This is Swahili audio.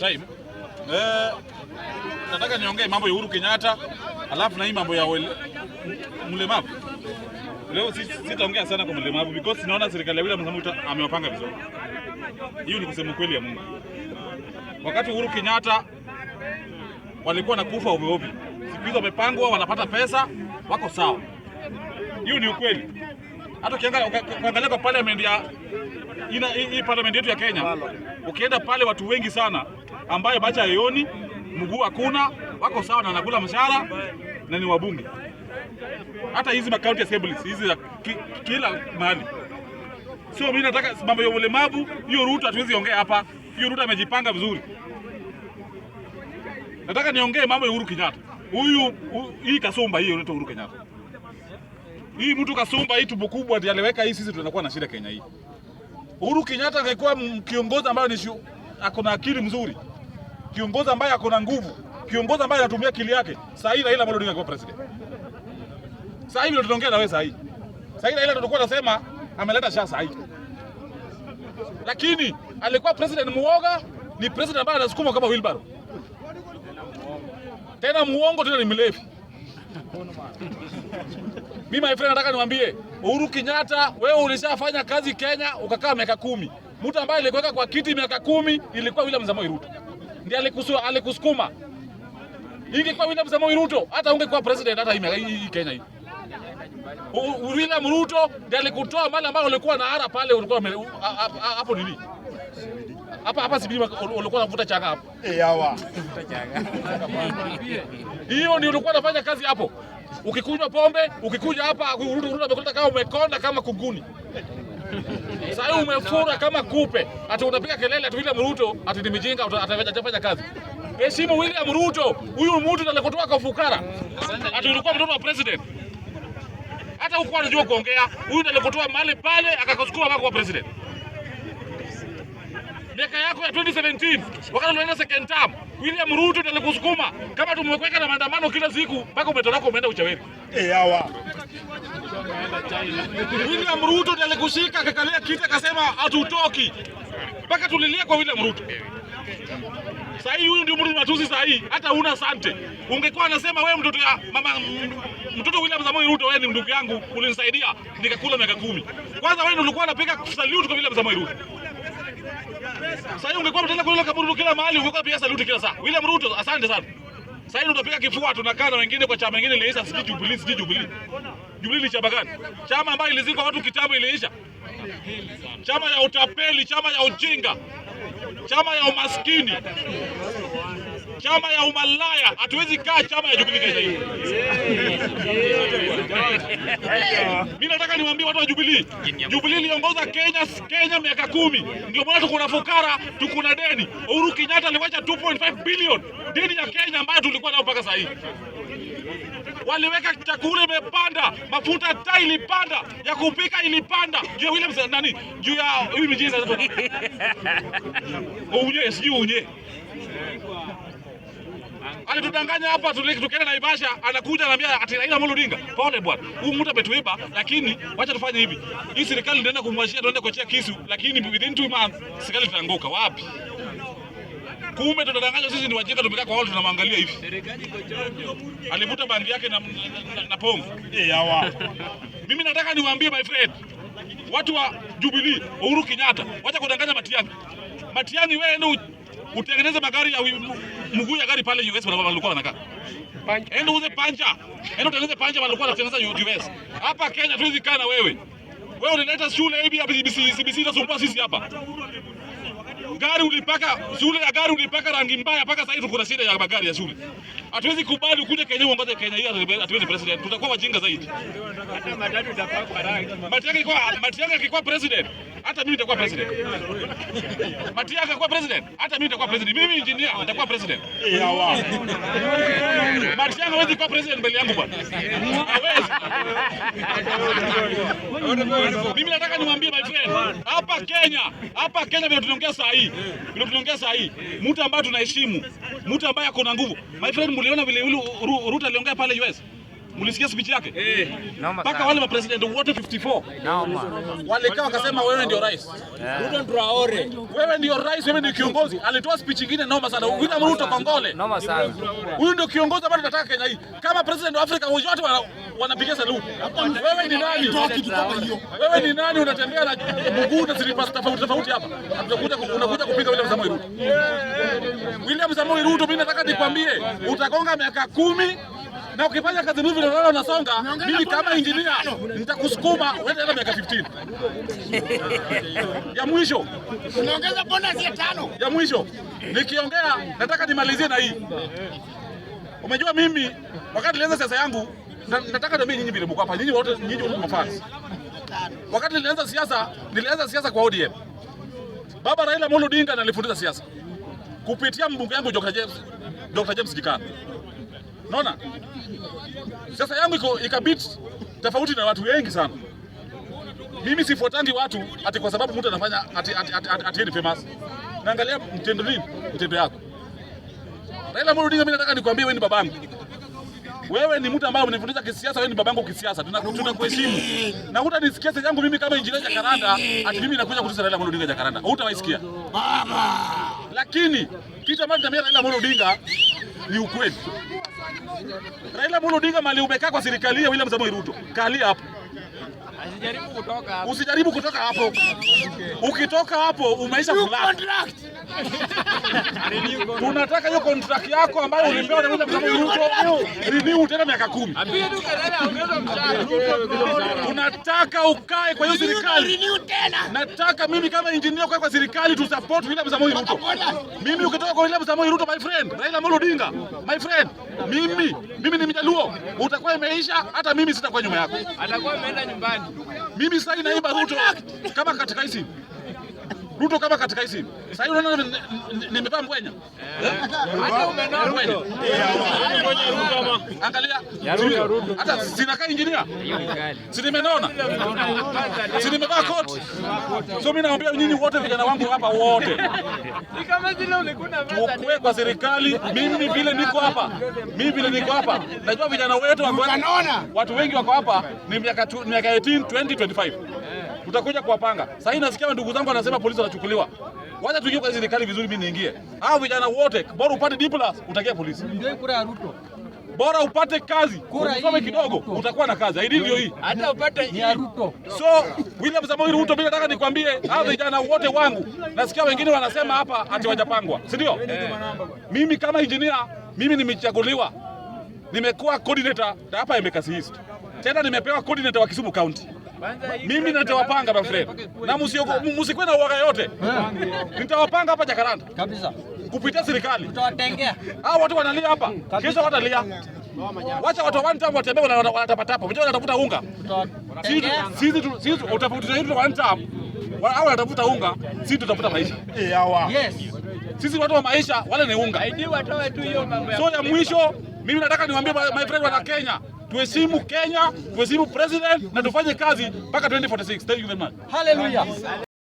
Time. Eh, nataka niongee mambo ya Uhuru Kenyatta alafu na hii mambo ya mlemavu. Leo sitaongea sana kwa mlemavu because naona serikali ya William Samoei amewapanga vizuri. Hiyo ni kusema kweli ya Mungu. Wakati Uhuru Kenyatta walikuwa na kufa ovyo ovyo, siku hizo wamepangwa, wanapata pesa, wako sawa. Hiyo ni ukweli. Hata ukiangalia kwa parliament ya ina hii parliament yetu ya Kenya, ukienda pale watu wengi sana ambayo bacha yoni mguu hakuna, wako sawa na nakula mshahara na ni wabunge. Hata hizi county assemblies hizi za ki, kila mahali. Sio mimi nataka mambo ya ulemavu hiyo, Ruto hatuwezi ongea hapa. Hiyo Ruto amejipanga vizuri. Nataka niongee mambo ya Uhuru Kenyatta. Huyu hii kasumba hiyo inaitwa Uhuru Kenyatta. Hii mtu kasumba hii tubu kubwa ndiye aliweka hii, sisi tunakuwa na shida Kenya hii. Uhuru Kenyatta angekuwa kiongozi ambaye ni ako na akili mzuri kiongozi ambaye ako na nguvu, kiongozi ambaye anatumia akili yake. Sasa hivi Raila Odinga kwa president, sasa hivi ndio tunaongea na wewe sasa hivi. Sasa hivi Raila tutakuwa tunasema ameleta shaa sasa hivi, lakini alikuwa president muoga, ni president ambaye anasukuma kama wheelbarrow, tena muongo, tena ni mlevi. Mimi my friend, nataka niwaambie Uhuru Kenyatta, wewe ulishafanya kazi Kenya ukakaa miaka kumi. Mtu ambaye alikuweka kwa kiti miaka kumi ilikuwa William Samoei Ruto ndiye alikusua alikusukuma. Ingekuwa William Samoei Ruto hata ungekuwa president hata hii Kenya hii. William Ruto ndiye alikutoa mali ambayo ulikuwa na ara pale ulikuwa hapo nini? Hapa hapa sibili ulikuwa unavuta changa hapo. Eh, hawa. Hiyo ndio ulikuwa unafanya kazi hapo. Ukikunywa pombe, ukikuja hapa Ruto Ruto kama umekonda kama kunguni. Sasa umefura kama kupe, ati utapiga kelele ati William Ruto ati ni mijinga, atafanya kazi. Heshimu William Ruto, huyu mtu alikutoa kwa fukara, ati ulikuwa mtoto wa president hata huko anajua kuongea huyu, ndio alikotoa mahali pale akakuchukua wako wa president miaka yako ya 2017 wakati unaenda second term. William Ruto ndio alikusukuma kama tumekuweka na maandamano kila siku mpaka umetoroka umeenda Uchaweri. Eh, hawa. William Ruto ndiye alikushika akakalia kiti akasema hatutoki. Mpaka tulilia kwa William Ruto. Sasa hii huyu ndio mtu matusi sasa hii hata una sante. Ungekuwa anasema wewe mtoto ya mama mtoto William Samoei Ruto wewe ni ndugu yangu ulinisaidia nikakula miaka kumi. Kwanza wewe ndio ulikuwa unapiga salute kwa William Samoei Ruto. Sasa ungekuwa mtenda kulala kaburu kila mahali, ungekuwa pia saluti kila saa. William Ruto, asante sana. Sasa hivi utapiga kifua, tunakaa na wengine kwa chama kingine iliisha, sijui Jubilee, sijui Jubilee. Jubilee ni chama gani? Chama ambayo ilizikwa watu kitambo iliisha. Chama ya utapeli, chama ya ujinga, chama ya umaskini chama ya umalaya, hatuwezi kaa chama ya Jubilee hii. Mimi nataka niwaambie watu wa Jubilee, Jubilee iliongoza Kenya Kenya miaka kumi, ndio maana tuko na fukara, tuko na deni. Uhuru Kenyatta aliwacha 2.5 billion deni ya Kenya ambayo tulikuwa nayo mpaka sasa hivi waliweka chakula imepanda, mafuta ta ilipanda, ya kupika ilipanda, juu ya William nani, juu ya huyu mjini sasa unye sijui unye Alitudanganya hapa tukienda na Naivasha, anakuja anambia ati Raila Amolo Odinga. Pole bwana, huyu mtu ametuiba, lakini wacha tufanye hivi. Hii serikali ndio kumwashia, ndio kuchia kisu, lakini within two months serikali itaanguka. Wapi? Kumbe tunadanganywa sisi, ni wajinga, tumekaa kwa hall tunamwangalia hivi. Alivuta bangi yake na, na, na, na pombe. Eh, hawa. Mimi nataka niwaambie my friend, watu wa Jubilee, Uhuru Kenyatta, wacha kudanganya Matiang'i. Matiang'i, wewe ndio utengeneze magari ya mguu ya gari pale US walikuwa wanakaa. panja. Enda uze panja. Enda utengeneze panja walikuwa wanatengeneza US. Hapa Kenya tuwezi kaa na wewe. Wewe unileta shule hivi hapa CBC inasumbua sisi hapa. Gari ulipaka shule ya gari ulipaka rangi mbaya mpaka sasa hivi kuna shida ya magari ya shule. Hatuwezi kubali kuja Kenya uongoze Kenya hiyo atuweze president. Tutakuwa wajinga zaidi. Hata matatu itapakwa rangi. Matiang'i kwa Matiang'i akikuwa president, hata mimi nitakuwa president. Matiang'i akikuwa president, hata mimi nitakuwa president. Mimi engineer nitakuwa president. Ya Matiang'i hawezi kuwa president mbele yangu bwana. Hawezi. Mimi nataka niwaambie my friend, hapa Kenya, hapa Kenya vile tunaongea saa hii, vile tunaongea saa hii, mtu ambaye tunaheshimu, mtu ambaye ako na nguvu. My friend mliona vile Ruto aliongea pale US? Mlisikia speech yake Eh. Paka wale mapresident wote 54 Naomba. walikaa wakasema, wewe ndio rais, eh. Ruto Traore. wewe ndio rais, wewe ndio kiongozi. Alitoa speech nyingine noma sana, Ruto kongole, noma sana. Huyu ndio kiongozi ambaye tunataka Kenya hii. Kama president wa Afrika wote wanapiga salute. Wewe ni nani? Toa kitu kama hiyo. Wewe ni nani? Unatembea na mguu na zilipa tofauti tofauti hapa, unakuja unakuja kupinga William Samoei Ruto. Eh, eh, William Samoei Ruto, mimi nataka nikwambie, utakonga miaka kumi na ukifanya kazi mzuri na unasonga, mimi kama injinia nitakusukuma uende hata miaka 15 ya mwisho. Unaongeza bonus ya tano ya mwisho. Nikiongea nataka nimalizie na hii. Umejua mimi wakati nilianza siasa yangu nataka mimi nyinyi vile mko hapa, nyinyi wote nyinyi wote mfasi. Wakati nilianza siasa, nilianza siasa kwa ODM. Baba Raila Amolo Odinga nalifundisha siasa kupitia mbunge yangu Dr. James Dr. James Gikana. Unaona? Sasa yangu iko ikabit tofauti na watu wengi sana. Mimi sifuatangi watu ati kwa sababu mtu anafanya ati ati ati, ati, ati ati famous. Naangalia mtendo nini? Mtendo yako. Raila Amolo Odinga, mimi nataka nikwambie wewe ni babangu. Wewe ni mtu ambaye umenifundisha kisiasa, wewe ni babangu kisiasa. Tunakuheshimu. Na hutanisikia sasa yangu mimi kama injinia Jacaranda, ati mimi nakuja kutusa Raila Amolo Odinga Jacaranda. Hutawaisikia. Baba. Lakini kitu ambacho nitamwambia Raila Amolo Odinga ni ukweli. Raila Amolo Odinga mali umekaa kwa serikali ya William Samoei Ruto, kalia hapo. Usijaribu kutoka hapo, ukitoka hapo umeisha furaha. Tunataka hiyo contract yako ambayo ulipewa na Ruto renew tena miaka kumi. Tunataka ukae kwa hiyo serikali. tena. Nataka mimi kama engineer kwa kwa serikali tu support William Samoei Ruto. Mimi ukitoka kwa William Samoei Ruto my friend, Raila Amolo Odinga my friend, mimi mimi ni Mjaluo, utakuwa imeisha, hata mimi sitakuwa nyuma yako. Atakuwa ameenda nyumbani. Mimi sasa inaimba Ruto kama katika hizi Ruto kama katika hizi sasa hivi unaona nimepaa mbwenya. Angalia. Hata sina kai injinia. Si nimenona. Si nimevaa koti. So mimi naambia nyinyi wote vijana wangu hapa wote. Ni kama zile ulikuwa na vaza. Kwa serikali mimi vile niko hapa. Mimi vile niko hapa. Najua vijana wetu watu wengi wako hapa ni miaka 18 20 25 tutakuja kuwapanga. Sasa hivi nasikia ndugu zangu wanasema polisi wanachukuliwa. Wacha tuingie kwa serikali vizuri, mimi niingie. Hao vijana wote bora upate diplomas utakia polisi. Ndio kura ya Ruto. Bora upate kazi, Kura usome kidogo utakuwa na kazi. Hii ndio hii. Hata upate hii. So William Samoei Ruto, mimi nataka nikwambie hao vijana wote wangu. Nasikia wengine wanasema hapa ati wajapangwa. Si ndio? Mimi kama engineer, mimi nimechaguliwa. Nimekuwa coordinator hapa Embakasi East. Tena nimepewa coordinator wa Kisumu County. Mimi nitawapanga Bafuleba na msikuwe na uoga yote, nitawapanga hapa Jakaranda kabisa kupitia serikali. Tutawatengea hao watu wanalia hapa, kesho watalia. Wacha watu wa ntam watembee, wanatapatapa, mjua wanatafuta unga. Sisi utafuta hitu wa ntam, hao wanatafuta unga, sisi tutafuta maisha. Yes, sisi watu wa maisha, wale ni unga. So ya mwisho, mimi nataka niwaambie my friend wa Kenya tuheshimu Kenya, tuheshimu president na tufanye kazi mpaka 2046. Thank you very much. Hallelujah.